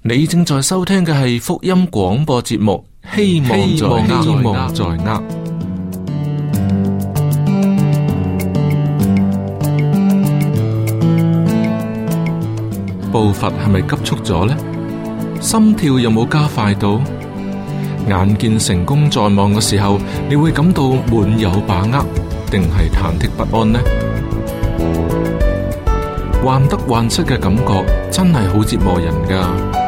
你正在收聽嘅係福音廣播節目，希望在握，希望在握。步伐係咪急促咗呢？心跳有冇加快到？眼見成功在望嘅時候，你會感到滿有把握，定係忐忑不安呢？患得患失嘅感覺真係好折磨人噶。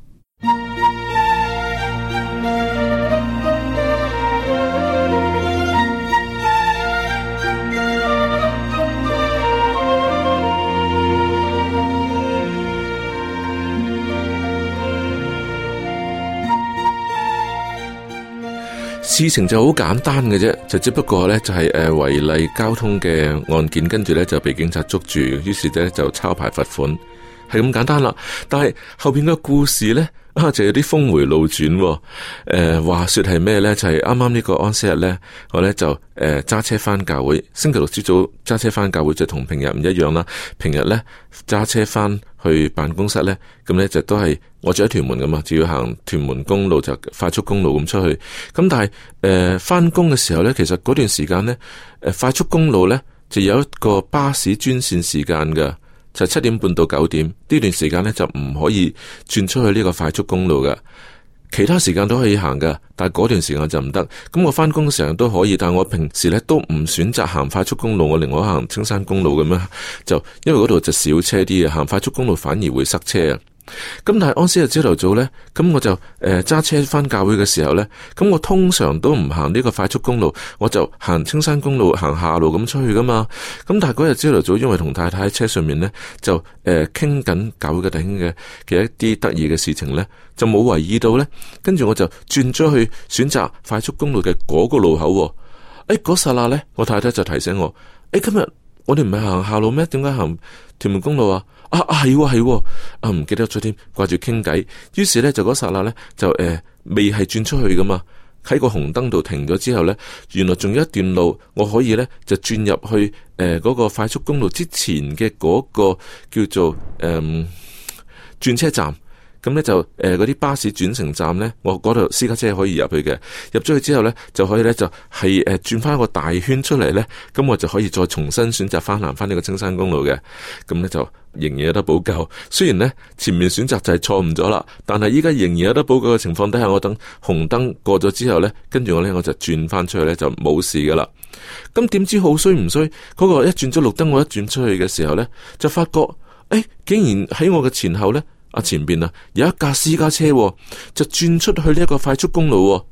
事情就好簡單嘅啫，就只不過咧，就係誒違例交通嘅案件，跟住咧，就被警察捉住，於是咧，就抄牌罰款，係咁簡單啦。但係後邊個故事咧。啊、就有啲峰回路轉，啊，誒、呃，話說係咩呢？就係啱啱呢個安息日呢，我呢就誒揸，呃、車翻教會。星期六朝早揸車翻教會，就同平日唔一樣啦。平日呢，揸車翻去辦公室呢，咁呢就都係我住喺屯門噶嘛，就要行屯門公路就快速公路咁出去。咁但係誒翻工嘅時候呢，其實嗰段時間呢，誒、呃、快速公路呢，就有一個巴士專線時間㗎。就七點半到九點呢段時間呢就唔可以轉出去呢個快速公路嘅，其他時間都可以行嘅，但係嗰段時間就唔得。咁我翻工嘅時候都可以，但我平時呢都唔選擇行快速公路，我另外行青山公路咁樣就，因為嗰度就少車啲嘅，行快速公路反而會塞車。咁但係安師日朝頭早呢，咁我就誒揸車返教會嘅時候呢，咁我通常都唔行呢個快速公路，我就行青山公路行下路咁出去噶嘛。咁但係嗰日朝頭早，因為同太太喺車上面呢，就誒傾緊教會嘅弟兄嘅嘅一啲得意嘅事情呢，就冇為意到呢。跟住我就轉咗去選擇快速公路嘅嗰個路口。誒、哎，嗰剎那呢，我太太就提醒我：誒、哎，今日我哋唔係行下路咩？點解行屯門公路啊？啊係係啊唔、啊啊啊、記得咗添，掛住傾偈，於是呢，就嗰剎那呢，就誒、呃、未係轉出去噶嘛，喺個紅燈度停咗之後呢，原來仲有一段路我可以呢，就轉入去誒嗰、呃那個快速公路之前嘅嗰、那個叫做誒轉、呃、車站，咁呢，就誒嗰啲巴士轉乘站呢，我嗰度私家車可以入去嘅，入咗去之後呢，就可以呢，就係誒轉翻一個大圈出嚟呢。咁我就可以再重新選擇翻行翻呢個青山公路嘅，咁呢，就。仍然有得補救，雖然呢前面選擇就係錯誤咗啦，但係依家仍然有得補救嘅情況底下，我等紅燈過咗之後呢，跟住我呢，我就轉翻出去呢，就冇事噶啦。咁點知好衰唔衰？嗰個一轉咗綠燈，我一轉出去嘅時候呢，就發覺誒、欸，竟然喺我嘅前後呢，啊，前邊啊有一架私家車，喎，就轉出去呢一個快速公路喎。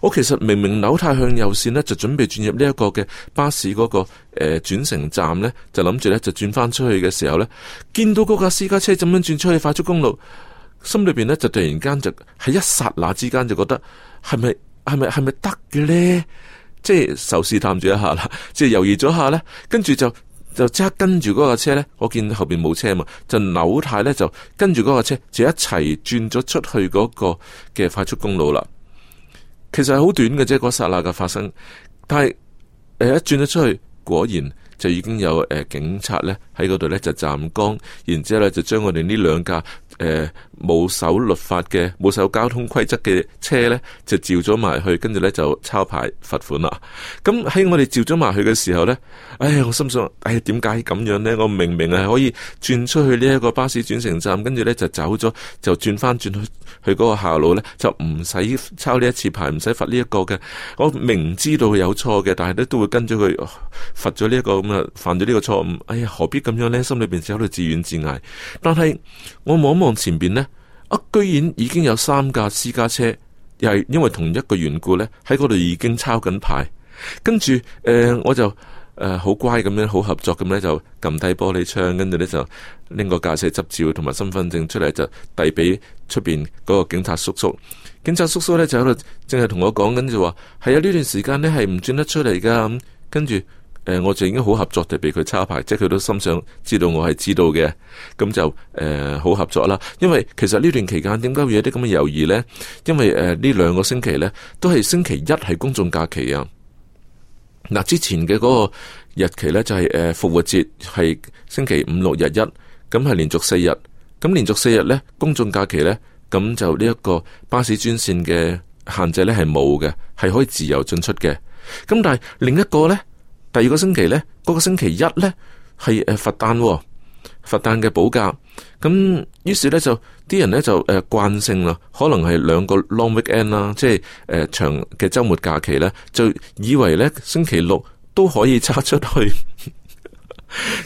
我其實明明扭軚向右線呢，就準備轉入呢一個嘅巴士嗰、那個誒、呃、轉乘站呢，就諗住呢，就轉返出去嘅時候呢，見到嗰架私家車咁樣轉出去快速公路，心裏邊呢，就突然間就喺一剎那之間就覺得係咪係咪係咪得嘅呢？即係受試探住一下啦，即係猶豫咗下呢。跟住就就即刻跟住嗰架車呢，我見後邊冇車嘛，就扭軚呢，就跟住嗰架車就一齊轉咗出去嗰個嘅快速公路啦。其實係好短嘅啫，嗰一剎那嘅發生，但係誒一轉咗出去，果然就已經有誒、呃、警察咧喺嗰度咧就站崗，然之後咧就將我哋呢兩架誒。呃冇守律法嘅，冇守交通規則嘅車呢，就照咗埋去，跟住呢就抄牌罰款啦。咁喺我哋照咗埋去嘅時候咧，唉、哎，我心想，唉、哎，點解咁樣呢？我明明係可以轉出去呢一個巴士轉乘站，跟住呢就走咗，就轉翻轉去去嗰個下路呢，就唔使抄呢一次牌，唔使罰呢一個嘅。我明知道佢有錯嘅，但係呢都會跟住佢罰咗呢一個咁啊，犯咗呢個錯誤。哎呀，何必咁樣呢？心裏邊只喺度自怨自艾。但係我望一望前邊呢。啊、居然已經有三架私家車，又係因為同一個緣故呢，喺嗰度已經抄緊牌。跟住，誒、呃、我就誒好、呃、乖咁樣，好合作咁咧，就撳低玻璃窗，跟住咧就拎個駕駛執照同埋身份證出嚟，就遞俾出邊嗰個警察叔叔。警察叔叔咧就喺度淨係同我講緊就話，係啊，呢、嗯、段時間咧係唔轉得出嚟噶。跟住。誒，我就已經好合作地俾佢抄牌，即係佢都心想知道我係知道嘅，咁就誒好合作啦。因為其實呢段期間點解會有啲咁嘅猶豫呢？因為誒呢兩個星期呢都係星期一係公眾假期啊。嗱，之前嘅嗰個日期呢就係誒復活節係星期五六日一，咁係連續四日，咁連續四日呢公眾假期呢，咁就呢一個巴士專線嘅限制呢係冇嘅，係可以自由進出嘅。咁但係另一個呢。第二個星期呢，嗰、那個星期一呢，係誒佛誕，佛誕嘅補假，咁於是呢，就啲人呢，就誒慣性啦，可能係兩個 long weekend 啦，啊，即係誒、呃、長嘅周末假期呢，就以為呢星期六都可以揸出去，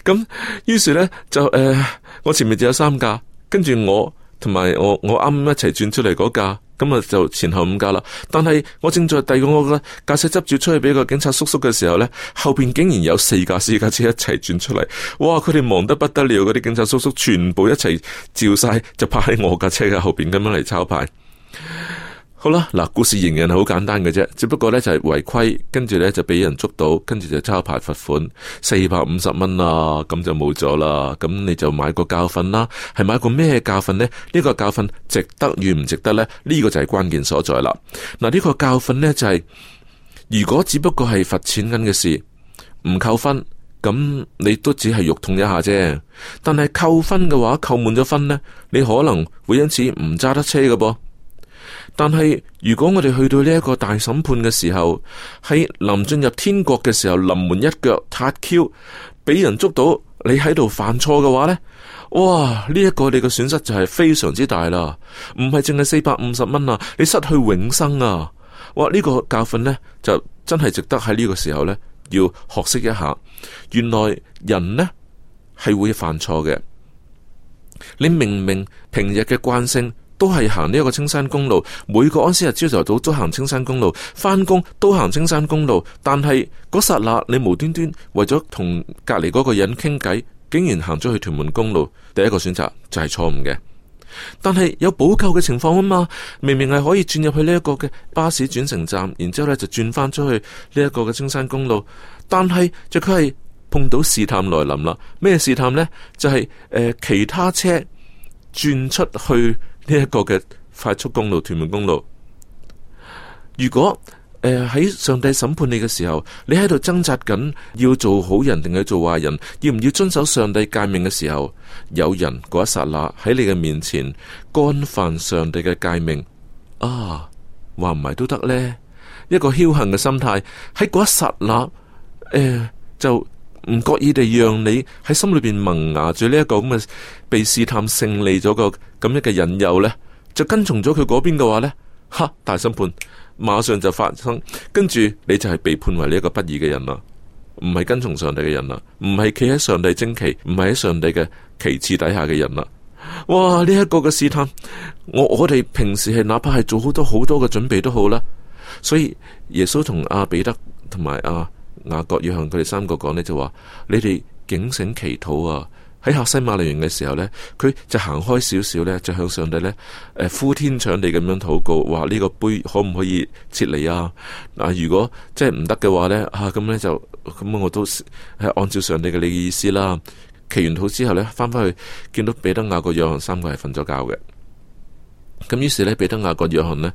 咁 於是呢，就誒、呃、我前面就有三架，跟住我同埋我我啱一齊轉出嚟嗰架。咁啊，就前後五架啦。但係我正在遞個我個駕駛執照出去俾個警察叔叔嘅時候呢，後邊竟然有四架私家車一齊轉出嚟。哇！佢哋忙得不得了，嗰啲警察叔叔全部一齊照晒，就泊喺我架車嘅後邊咁樣嚟抄牌。好啦，嗱，故事仍然係好簡單嘅啫，只不過呢就係違規，跟住呢就俾人捉到，跟住就抄牌罰款四百五十蚊啦，咁就冇咗啦。咁你就買個教訓啦，係買個咩教訓呢？呢個教訓值得與唔值得呢？呢個就係關鍵所在啦。嗱，呢個教訓呢就係如果只不過係罰錢銀嘅事，唔扣分，咁你都只係肉痛一下啫。但係扣分嘅話，扣滿咗分呢，你可能會因此唔揸得車嘅噃。但係，如果我哋去到呢一個大審判嘅時候，喺臨進入天國嘅時候，臨門一腳踏 Q，俾人捉到你喺度犯錯嘅話呢？哇！呢一個你嘅損失就係非常之大啦，唔係淨係四百五十蚊啊，你失去永生啊！哇！呢個教訓呢，就真係值得喺呢個時候呢，要學識一下，原來人呢，係會犯錯嘅，你明明平日嘅慣性。都係行呢一個青山公路，每個安息日朝頭早都行青山公路，返工都行青山公路。但係嗰剎那，你無端端為咗同隔籬嗰個人傾偈，竟然行咗去屯門公路。第一個選擇就係錯誤嘅。但係有補救嘅情況啊嘛，明明係可以轉入去呢一個嘅巴士轉乘站，然之後呢就轉翻出去呢一個嘅青山公路。但係就佢係碰到試探來臨啦。咩試探呢？就係、是呃、其他車轉出去。呢一個嘅快速公路、屯門公路，如果誒喺、呃、上帝審判你嘅時候，你喺度掙扎緊要做好人定係做壞人，要唔要遵守上帝誡命嘅時候，有人嗰一剎那喺你嘅面前干犯上帝嘅誡命，啊，話唔埋都得呢。一個僥倖嘅心態喺嗰一剎那，誒、呃、就。唔覺意地讓你喺心裏邊萌芽住呢一個咁嘅被試探勝利咗個咁樣嘅引誘呢，就跟從咗佢嗰邊嘅話呢。吓，大審判馬上就發生，跟住你就係被判為呢一個不義嘅人啦，唔係跟從上帝嘅人啦，唔係企喺上帝旌旗，唔係喺上帝嘅旗幟底下嘅人啦。哇！呢、這、一個嘅試探，我我哋平時係哪怕係做好多好多嘅準備都好啦，所以耶穌同阿彼得同埋阿。亞各約翰佢哋三個講呢，就話：你哋警醒祈禱啊！喺客西馬利園嘅時候呢，佢就行開少少呢，就向上帝呢誒呼天搶地咁樣禱告，話呢、這個杯可唔可以撤離啊？嗱、啊，如果即係唔得嘅話呢，啊咁呢就咁，我都係按照上帝嘅你嘅意思啦。祈禱完禱之後呢，翻返去見到彼得、亞各、約翰三個係瞓咗覺嘅。咁於是呢，彼得、亞各、約翰呢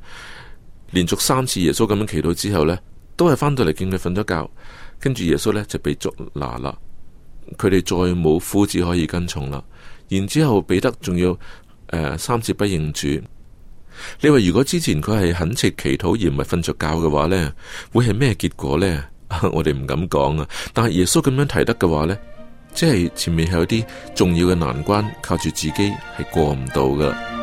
連續三次耶穌咁樣祈禱之後呢，都係翻到嚟見佢瞓咗覺。跟住耶穌呢就被捉拿啦，佢哋再冇夫子可以跟從啦。然之後彼得仲要、呃、三次不認主，你話如果之前佢係懇切祈禱而唔係瞓着覺嘅話呢，會係咩結果呢？ 我哋唔敢講啊。但係耶穌咁樣提得嘅話呢，即係前面係有啲重要嘅難關，靠住自己係過唔到噶。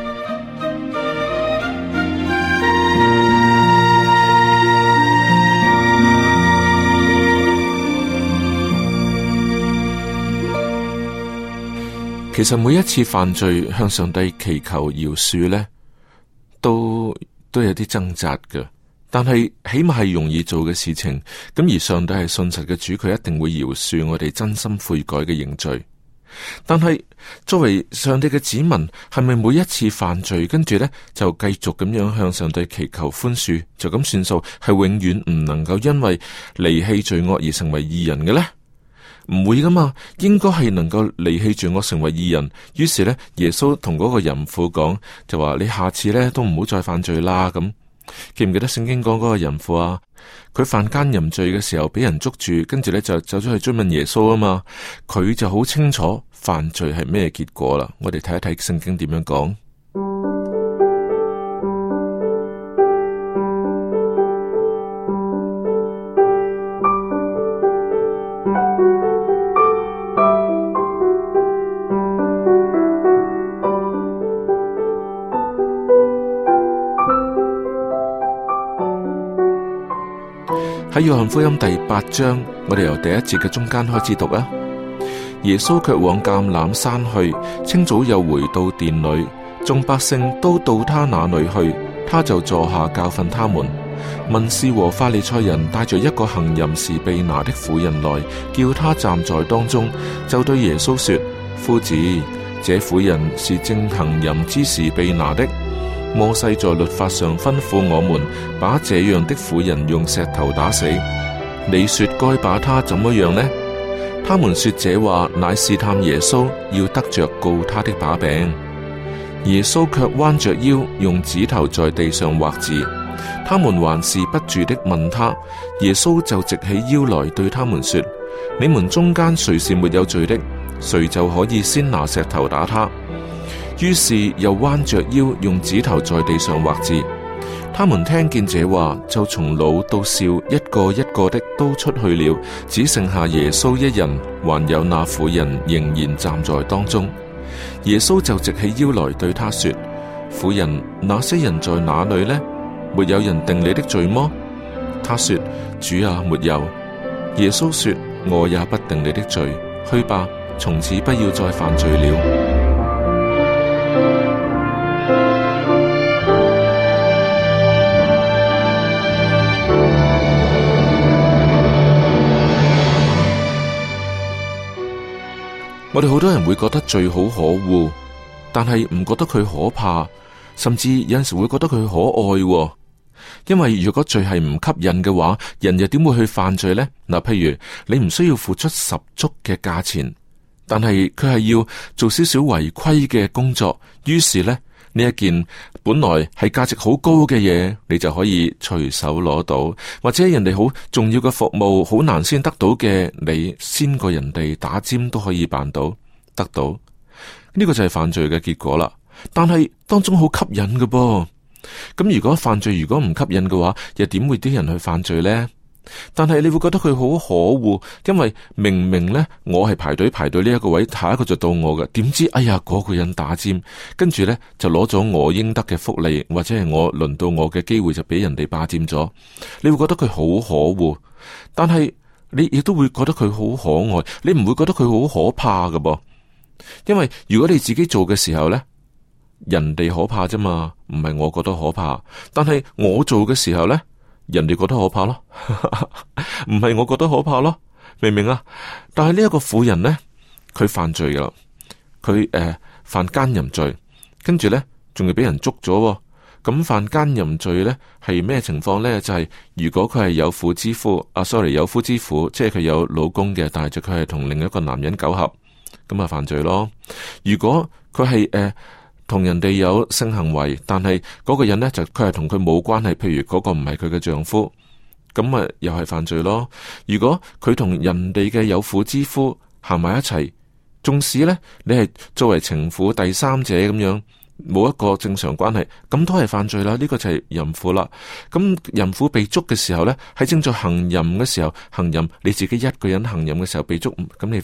其實每一次犯罪向上帝祈求饒恕呢，都都有啲掙扎嘅，但係起碼係容易做嘅事情。咁而上帝係信實嘅主，佢一定會饒恕我哋真心悔改嘅認罪。但係作為上帝嘅子民，係咪每一次犯罪跟住呢，就繼續咁樣向上帝祈求寬恕，就咁算數，係永遠唔能夠因為離棄罪惡而成為義人嘅呢？唔會㗎嘛，應該係能夠離棄住我成為義人。於是呢，耶穌同嗰個淫婦講，就話你下次呢都唔好再犯罪啦。咁記唔記得聖經講嗰個淫婦啊？佢犯姦淫罪嘅時候，俾人捉住，跟住呢就走咗去追問耶穌啊嘛。佢就好清楚犯罪係咩結果啦。我哋睇一睇聖經點樣講。喺約翰福音第八章，我哋由第一節嘅中間開始讀啊！耶穌卻往橄欖山去，清早又回到殿裡，眾百姓都到他那裡去，他就坐下教訓他們。文士和法利賽人帶着一個行淫時被拿的婦人來，叫他站在當中，就對耶穌說：夫子，這婦人是正行淫之時被拿的。摩西在律法上吩咐我們把這樣的婦人用石頭打死，你說該把他怎麼樣呢？他們說這話乃試探耶穌要得着告他的把柄，耶穌卻彎着腰用指頭在地上畫字。他們還是不住的問他，耶穌就直起腰來對他們說：你們中間誰是沒有罪的，誰就可以先拿石頭打他。於是又彎着腰用指頭在地上畫字。他們聽見這話，就從老到少一個一個的都出去了，只剩下耶穌一人，還有那婦人仍然站在當中。耶穌就直起腰來對他說：婦人，那些人在哪裏呢？沒有人定你的罪嗎？他說：主啊，沒有。耶穌說：我也不定你的罪，去吧，從此不要再犯罪了。我哋好多人會覺得罪好可惡，但係唔覺得佢可怕，甚至有陣時會覺得佢可愛，哦。因為如果罪係唔吸引嘅話，人又點會去犯罪呢？嗱、呃，譬如你唔需要付出十足嘅價錢，但係佢係要做少少違規嘅工作，於是呢。呢一件本來係價值好高嘅嘢，你就可以隨手攞到，或者人哋好重要嘅服務好難先得到嘅，你先過人哋打尖都可以辦到得到。呢個就係犯罪嘅結果啦。但係當中好吸引嘅噃，咁如果犯罪如果唔吸引嘅話，又點會啲人去犯罪呢？但係你會覺得佢好可惡，因為明明呢，我係排隊排隊呢一個位，下一個就到我嘅，點知哎呀嗰個人打尖，跟住呢，就攞咗我應得嘅福利，或者係我輪到我嘅機會就俾人哋霸占咗，你會覺得佢好可惡，但係你亦都會覺得佢好可愛，你唔會覺得佢好可怕㗎噃！因為如果你自己做嘅時候呢，人哋可怕啫嘛，唔係我覺得可怕，但係我做嘅時候呢。人哋覺得可怕咯，唔 係我覺得可怕咯，明唔明啊？但係呢一個婦人呢，佢犯罪噶啦，佢誒、呃、犯奸淫罪，跟住呢仲要俾人捉咗。咁犯奸淫罪呢係咩情況呢？就係、是、如果佢係有婦之夫，啊，sorry 有夫之婦，即係佢有老公嘅，但係佢係同另一個男人苟合，咁啊犯罪咯。如果佢係誒。呃同人哋有性行為，但係嗰個人呢，就佢係同佢冇關係，譬如嗰個唔係佢嘅丈夫，咁咪又係犯罪咯。如果佢同人哋嘅有婦之夫行埋一齊，縱使呢，你係作為情婦第三者咁樣冇一個正常關係，咁都係犯罪啦。呢個就係淫婦啦。咁淫婦被捉嘅時候呢，喺正在行淫嘅時候行淫，你自己一個人行淫嘅時候被捉，咁你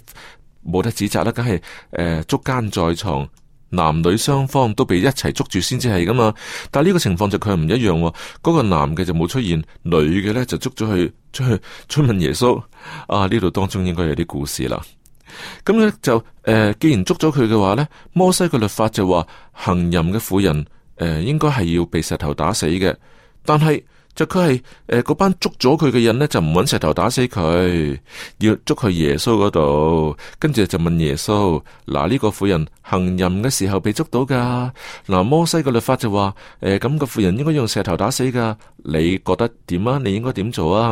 冇得指責啦，梗係誒捉奸在床。男女雙方都被一齊捉住先至係噶嘛，但係呢個情況就佢唔一樣，嗰、那個男嘅就冇出現，女嘅呢就捉咗去出去出問耶穌。啊，呢度當中應該有啲故事啦。咁咧就誒、呃，既然捉咗佢嘅話呢，摩西嘅律法就話，行淫嘅婦人誒、呃，應該係要被石頭打死嘅，但係。就佢係誒，嗰、呃、班捉咗佢嘅人呢，就唔搵石頭打死佢，要捉去耶穌嗰度。跟住就問耶穌：嗱，呢、這個婦人行淫嘅時候被捉到，噶？嗱，摩西嘅律法就話：誒、呃、咁、那個婦人應該用石頭打死噶。你覺得點啊？你應該點做啊？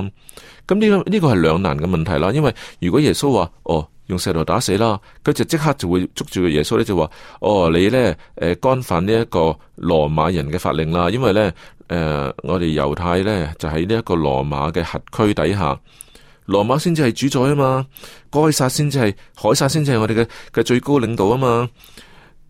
咁呢、這個呢個係兩難嘅問題啦，因為如果耶穌話：哦。用石頭打死啦，佢就即刻就會捉住個耶穌咧，就話：哦，你呢？誒、呃，干犯呢一個羅馬人嘅法令啦，因為呢，誒、呃，我哋猶太呢就喺呢一個羅馬嘅轄區底下，羅馬先至係主宰啊嘛，該撒先至係海撒先至係我哋嘅嘅最高領導啊嘛。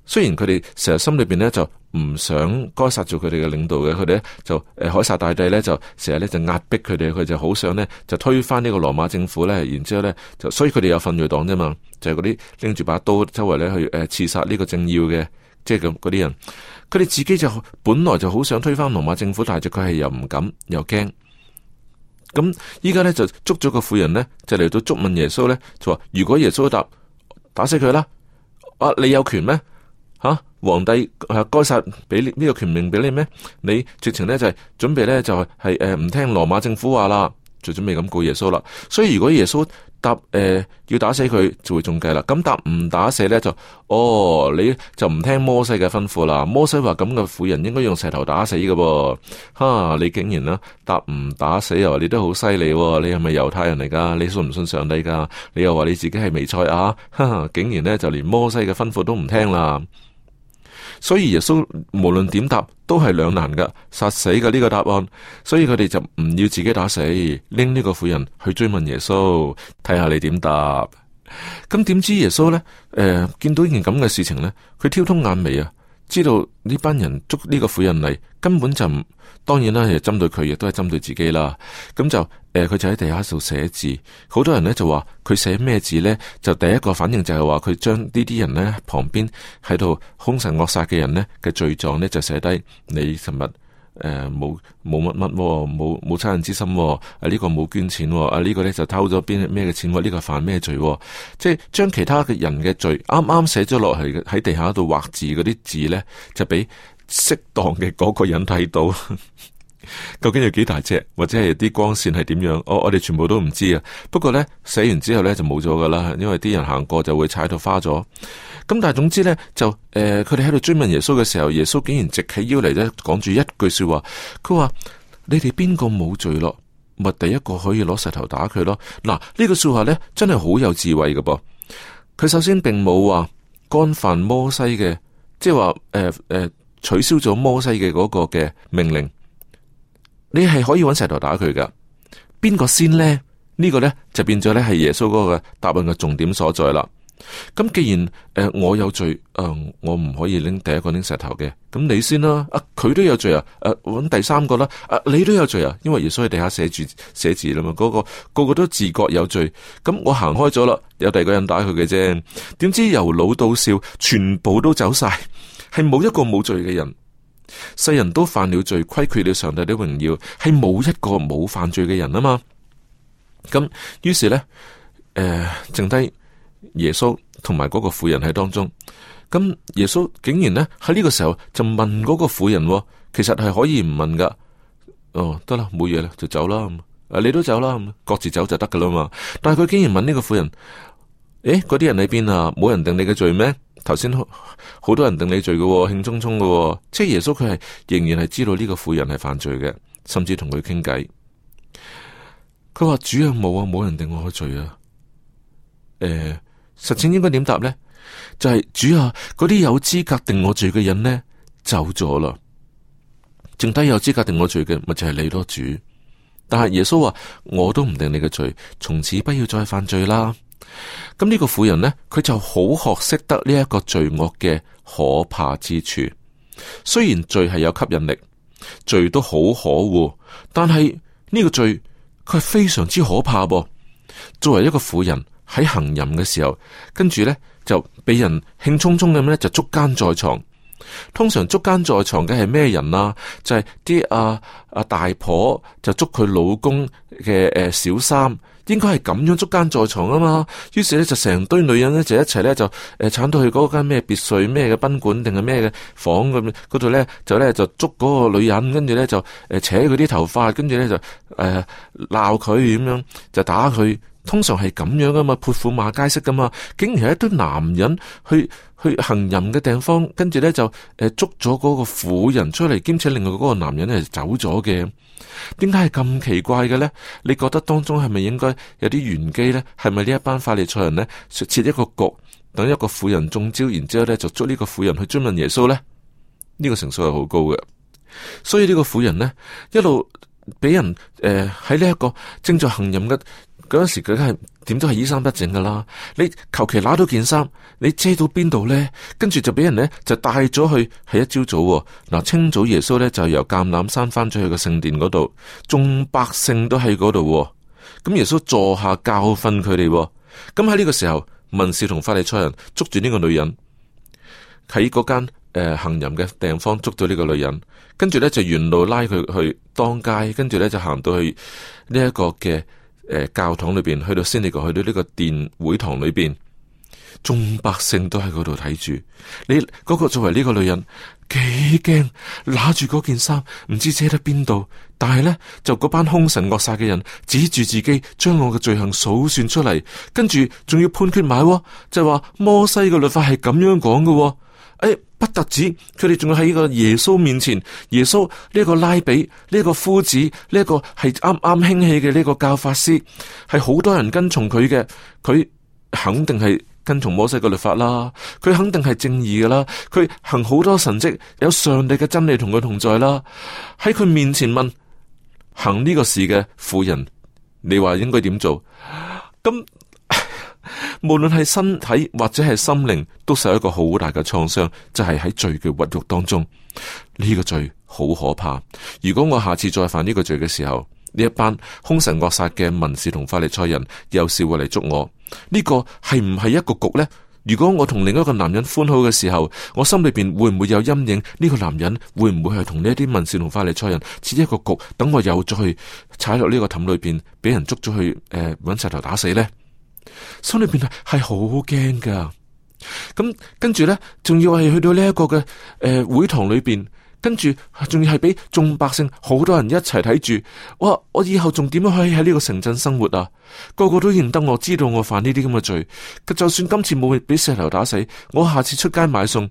雖然佢哋成日心裏邊呢就唔想該殺住佢哋嘅領導嘅，佢哋就誒凱撒大帝呢就成日呢就壓迫佢哋，佢就好想呢就推翻呢個羅馬政府呢。然之後咧，就所以佢哋有奮銳黨啫嘛，就係嗰啲拎住把刀周圍呢去誒刺殺呢個政要嘅，即係咁嗰啲人。佢哋自己就本來就好想推翻羅馬政府，但係佢係又唔敢又驚。咁依家呢，就捉咗個婦人呢，就嚟到捉問耶穌呢，就話如果耶穌答打，打死佢啦，啊你有權咩？吓、啊！皇帝係、啊、該殺你，俾呢呢個權命俾你咩？你絕情咧就係、是、準備咧就係係誒唔聽羅馬政府話啦，就準備咁告耶穌啦。所以如果耶穌答誒、呃、要打死佢，就會中計啦。咁答唔打死咧就哦，你就唔聽摩西嘅吩咐啦。摩西話咁嘅婦人應該用石頭打死嘅，吓你竟然啦答唔打死又話你都好犀利，你係咪猶太人嚟噶？你信唔信上帝噶？你又話你自己係彌賽亞、啊，竟然咧就連摩西嘅吩咐都唔聽啦！所以耶穌無論點答都係兩難噶殺死嘅呢個答案，所以佢哋就唔要自己打死，拎呢個婦人去追問耶穌，睇下你點答。咁點知耶穌呢？誒、呃，見到呢件咁嘅事情呢，佢挑通眼眉啊，知道呢班人捉呢個婦人嚟，根本就唔。當然啦，又針對佢，亦都係針對自己啦。咁就誒，佢、呃、就喺地下度寫字。好多人呢就話「佢寫咩字呢？」就第一個反應就係話佢將呢啲人呢，旁邊喺度兇神惡煞嘅人呢嘅罪狀呢，就寫低。你尋日誒冇冇乜乜喎，冇冇親人之心喎、哦。啊呢、這個冇捐錢喎、哦。啊呢、這個呢就偷咗邊咩嘅錢喎？呢、哦這個犯咩罪？哦、即係將其他嘅人嘅罪啱啱寫咗落去喺地下度畫字嗰啲字呢，就俾。適當嘅嗰個人睇到 究竟有幾大隻，或者係啲光線係點樣？哦、我我哋全部都唔知啊。不過呢，寫完之後呢就冇咗噶啦，因為啲人行過就會踩到花咗。咁但係總之呢，就誒佢哋喺度追問耶穌嘅時候，耶穌竟然直起腰嚟咧，講住一句説話。佢話：你哋邊個冇罪咯？咪第一個可以攞石頭打佢咯嗱。呢、呢個説話呢真係好有智慧嘅噃。佢首先並冇話幹犯摩西嘅，即係話誒誒。呃呃取消咗摩西嘅嗰個嘅命令，你係可以揾石頭打佢噶，邊個先呢？呢、呢個呢，就變咗呢係耶穌嗰個嘅答案嘅重點所在啦。咁既然誒、呃、我有罪，誒、呃、我唔可以拎第一個拎石頭嘅，咁你先啦。啊，佢都有罪啊，誒、啊、揾第三個啦。啊，你都有罪啊，因為耶穌喺地下寫住寫字啦嘛。嗰、嗰個個個都自覺有罪，咁我行開咗啦，有第二個人打佢嘅啫。點知由老到少，全部都走晒。係冇一個冇罪嘅人，世人都犯了罪，虧缺了上帝的榮耀。係冇一個冇犯罪嘅人啊嘛。咁於是咧，誒、呃，剩低耶穌同埋嗰個婦人喺當中。咁耶穌竟然咧喺呢個時候就問嗰個婦人，其實係可以唔問噶。哦，得啦，冇嘢啦，就走啦。誒，你都走啦，各自走就得噶啦嘛。但係佢竟然問呢個婦人：誒、哎，嗰啲人喺邊啊？冇人定你嘅罪咩？頭先好多人定你罪嘅，哦，興沖沖嘅，即係耶穌佢係仍然係知道呢個婦人係犯罪嘅，甚至同佢傾偈。佢話，主啊冇啊，冇人定我罪啊。誒，實情應該點答咧？就係、是、主啊，嗰啲有資格定我罪嘅人咧走咗啦，剩低有資格定我罪嘅咪就係、是、你咯，主。但係耶穌話，我都唔定你嘅罪，從此不要再犯罪啦。咁呢個婦人呢，佢就好學識得呢一個罪惡嘅可怕之處。雖然罪係有吸引力，罪都好可惡，但係呢個罪佢係非常之可怕噃。作為一個婦人喺行淫嘅時候，跟住呢就俾人興沖冲咁呢，就忠忠捉奸在床。通常捉奸在床嘅係咩人啊？就係啲阿阿大婆就捉佢老公嘅誒小三。應該係咁樣捉奸在床啊嘛！於是咧就成堆女人咧就一齊咧就誒鏟、呃、到去嗰間咩別墅咩嘅賓館定係咩嘅房咁嗰度咧就咧就，就捉嗰個女人，跟住咧就誒扯佢啲頭髮，跟住咧就誒鬧佢咁樣就打佢。通常係咁樣噶嘛，潑婦罵街式噶嘛。竟然一堆男人去去行淫嘅地方，跟住咧就誒、呃、捉咗嗰個婦人出嚟，兼且另外嗰個男人係走咗嘅。點解係咁奇怪嘅呢？你覺得當中係咪應該有啲玄機呢？係咪呢一班法利賽人呢設一個局，等一個婦人中招，然之後呢就捉呢個婦人去追問耶穌呢？呢個成數係好高嘅，所以呢個婦人呢，一路俾人誒喺呢一個正在行淫嘅。嗰時梗係點都係衣衫不整噶啦，你求其攞到件衫，你遮到邊度呢？跟住就俾人呢，就帶咗去，係一朝早嗱、啊啊，清早耶穌呢，就由橄欖山翻咗去個聖殿嗰度，眾百姓都喺嗰度，咁、啊、耶穌坐下教訓佢哋。咁喺呢個時候，文士同法利賽人捉住呢個女人，喺嗰間誒行淫嘅地方捉到呢個女人，跟住呢，就沿路拉佢去當街，跟住呢，就行到去呢一個嘅、這。個誒、呃，教堂裏邊去到聖尼古去到呢個殿會堂裏邊，眾百姓都喺嗰度睇住你嗰、那個作為呢個女人，幾驚，拿住嗰件衫唔知遮得邊度，但係呢，就嗰班兇神惡煞嘅人指住自己，將我嘅罪行數算出嚟，跟住仲要判決埋，就話、是、摩西嘅律法係咁樣講嘅、哦，誒、哎。不特止，佢哋仲要喺呢個耶穌面前，耶穌呢個拉比，呢個夫子，呢個係啱啱興起嘅呢個教法師，係好多人跟從佢嘅，佢肯定係跟從摩西嘅律法啦，佢肯定係正義噶啦，佢行好多神蹟，有上帝嘅真理同佢同在啦，喺佢面前問行呢個事嘅婦人，你話應該點做？咁。無論係身體或者係心靈，都受一個好大嘅創傷。就係、是、喺罪嘅屈辱當中，呢、這個罪好可怕。如果我下次再犯呢個罪嘅時候，呢一班凶神惡煞嘅文士同法利賽人又是會嚟捉我。呢、這個係唔係一個局呢？如果我同另一個男人歡好嘅時候，我心裏邊會唔會有陰影？呢、這個男人會唔會係同呢一啲文士同法利賽人設一個局，等我又再去踩落呢個氹裏邊，俾人捉咗去誒，搵、呃、石頭打死呢？心裏邊係好驚㗎，咁、嗯、跟住呢，仲要係去到呢一個嘅誒、呃、會堂裏邊，跟住仲要係俾眾百姓好多人一齊睇住，哇！我以後仲點樣可以喺呢個城鎮生活啊？個個都認得我，知道我犯呢啲咁嘅罪，就算今次冇俾石頭打死，我下次出街買餸，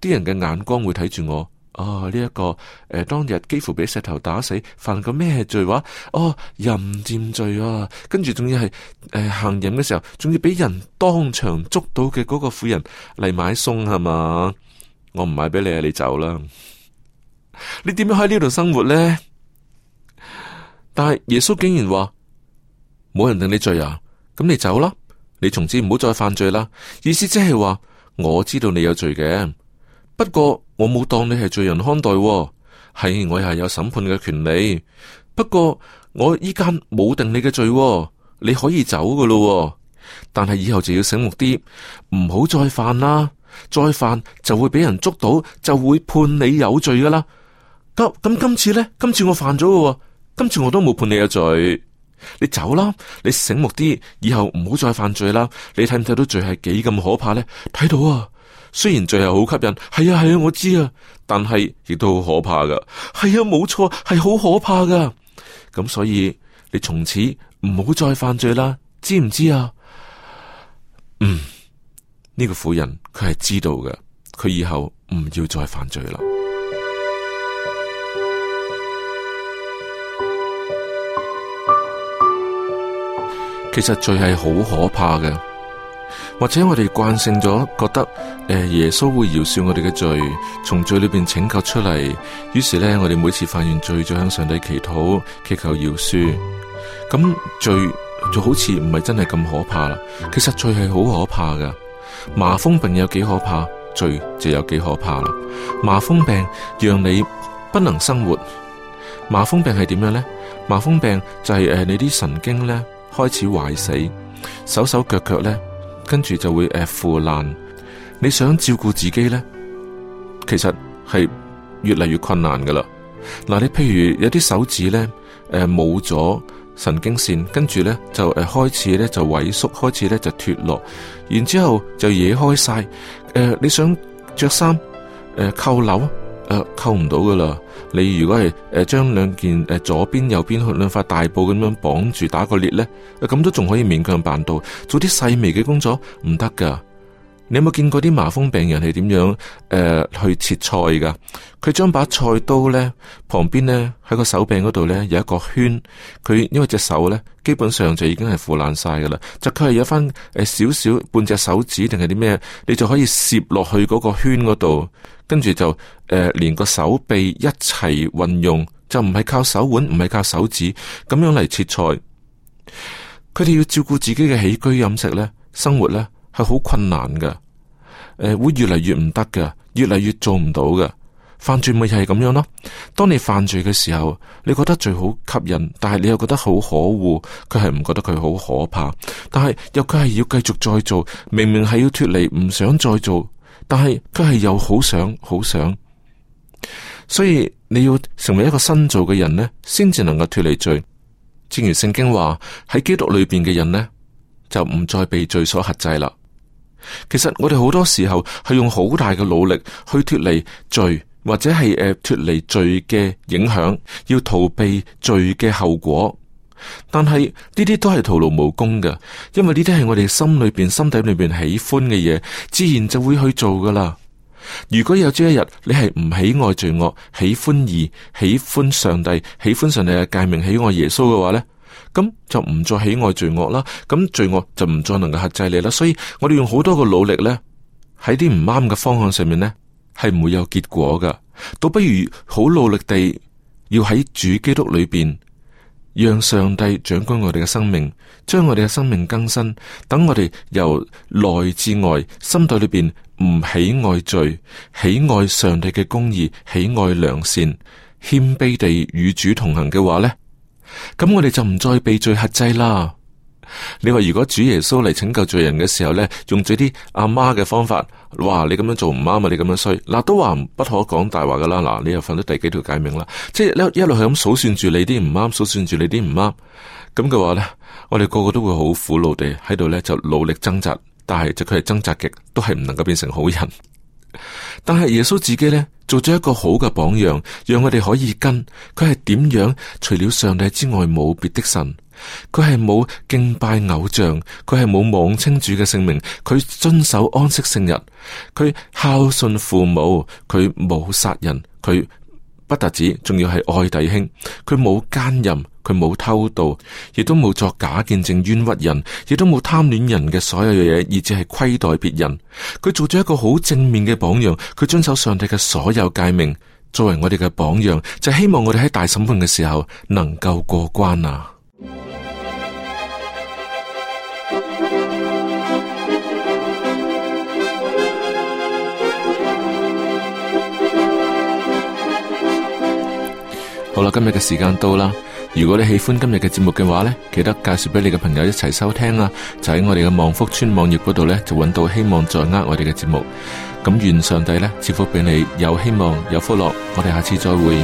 啲人嘅眼光會睇住我。哦，呢、這、一個誒、呃，當日幾乎俾石頭打死，犯個咩罪話？哦，淫賤罪啊！跟住仲要係誒、呃、行淫嘅時候，仲要俾人當場捉到嘅嗰個婦人嚟買餸係嘛？我唔買俾你啊，你走啦！你點樣喺呢度生活呢？但係耶穌竟然話冇人定你罪啊！咁你走啦，你從此唔好再犯罪啦。意思即係話，我知道你有罪嘅。不過我冇當你係罪人看待、哦，係我又係有審判嘅權利。不過我依間冇定你嘅罪、哦，你可以走噶啦、哦。但係以後就要醒目啲，唔好再犯啦。再犯就會俾人捉到，就會判你有罪噶啦。咁咁今次呢？今次我犯咗嘅、哦，今次我都冇判你有罪。你走啦，你醒目啲，以後唔好再犯罪啦。你睇唔睇到罪係幾咁可怕呢？睇到啊！雖然罪係好吸引，係啊係啊，我知啊，但係亦都好可怕噶，係啊冇錯，係好可怕噶。咁所以你從此唔好再犯罪啦，知唔知啊？嗯，呢個婦人佢係知道嘅，佢以後唔要再犯罪啦。其實罪係好可怕嘅。或者我哋慣性咗覺得誒，耶穌會饒恕我哋嘅罪，從罪裏邊拯救出嚟。於是咧，我哋每次犯完罪，就向上帝祈禱，祈求饒恕。咁罪就好似唔係真係咁可怕啦。其實罪係好可怕噶。麻風病有幾可怕，罪就有幾可怕啦。麻風病讓你不能生活。麻風病係點樣咧？麻風病就係、是、誒、呃，你啲神經咧開始壞死，手手腳腳咧。跟住就會誒、啊、腐爛，你想照顧自己咧，其實係越嚟越困難噶啦。嗱、啊，你譬如有啲手指咧，誒冇咗神經線，跟住咧就誒、啊、開始咧就萎縮，開始咧就脫落，然之後就惹開晒。誒、啊，你想着衫，誒、啊、扣鈕，誒、啊、扣唔到噶啦。你如果係誒將兩件誒、呃、左邊右邊兩塊大布咁樣綁住打個裂呢，咁、呃、都仲可以勉強辦到。做啲細微嘅工作唔得噶。你有冇見過啲麻風病人係點樣誒、呃、去切菜噶？佢將把菜刀呢，旁邊呢，喺個手柄嗰度呢，有一個圈，佢因為隻手呢，基本上就已經係腐爛晒噶啦，就佢係有翻誒少少半隻手指定係啲咩，你就可以攝落去嗰個圈嗰度。跟住就誒、呃，連個手臂一齊運用，就唔係靠手腕，唔係靠手指咁樣嚟切菜。佢哋要照顧自己嘅起居飲食呢，生活呢係好困難嘅。誒、呃，會越嚟越唔得嘅，越嚟越做唔到嘅。犯罪咪又係咁樣咯。當你犯罪嘅時候，你覺得罪好吸引，但係你又覺得好可惡。佢係唔覺得佢好可怕，但係又佢係要繼續再做。明明係要脫離，唔想再做。但係佢係又好想好想，所以你要成為一個新造嘅人呢，先至能夠脫離罪。正如聖經話，喺基督裏邊嘅人呢，就唔再被罪所轄制啦。其實我哋好多時候係用好大嘅努力去脫離罪，或者係誒、呃、脫離罪嘅影響，要逃避罪嘅後果。但係呢啲都係徒勞無功噶因為呢啲係我哋心裏邊、心底裏邊喜歡嘅嘢，自然就會去做噶啦。如果有朝一日你係唔喜愛罪惡、喜歡而喜歡上帝、喜歡上帝嘅誡命喜愛耶穌嘅話呢，咁就唔再喜愛罪惡啦，咁罪惡就唔再能夠克制你啦。所以我哋用好多個努力呢，喺啲唔啱嘅方向上面呢，係唔會有結果噶，倒不如好努力地要喺主基督裏邊。讓上帝掌管我哋嘅生命，將我哋嘅生命更新，等我哋由內至外、心底裏邊唔喜愛罪，喜愛上帝嘅公義，喜愛良善，謙卑地與主同行嘅話呢，咁我哋就唔再被罪轄制啦。你話如果主耶穌嚟拯救罪人嘅時候呢，用咗啲阿媽嘅方法，哇！你咁樣做唔啱啊，你咁樣衰，嗱都話不可講大話噶啦，嗱，你又瞓到第幾條誡命啦？即係一路係咁數算住你啲唔啱，數算住你啲唔啱，咁嘅話呢，我哋個個都會好苦惱地喺度呢，就努力掙扎，但係就佢係掙扎極，都係唔能夠變成好人。但係耶穌自己呢，做咗一個好嘅榜樣，讓我哋可以跟佢係點樣？除了上帝之外，冇別的神。佢係冇敬拜偶像，佢係冇妄稱主嘅姓名，佢遵守安息聖日，佢孝順父母，佢冇殺人，佢不特止仲要係愛弟兄，佢冇姦淫，佢冇偷盜，亦都冇作假見證冤屈人，亦都冇貪戀人嘅所有嘅嘢，以至係虧待別人。佢做咗一個好正面嘅榜樣，佢遵守上帝嘅所有誡命，作為我哋嘅榜樣，就是、希望我哋喺大審判嘅時候能夠過關啊！好啦，今日嘅時間到啦。如果你喜歡今日嘅節目嘅話呢，記得介紹俾你嘅朋友一齊收聽啊！就喺我哋嘅望福村網頁嗰度呢，就揾到希望在握我哋嘅節目。咁願上帝呢，賜福俾你，有希望，有福樂。我哋下次再會。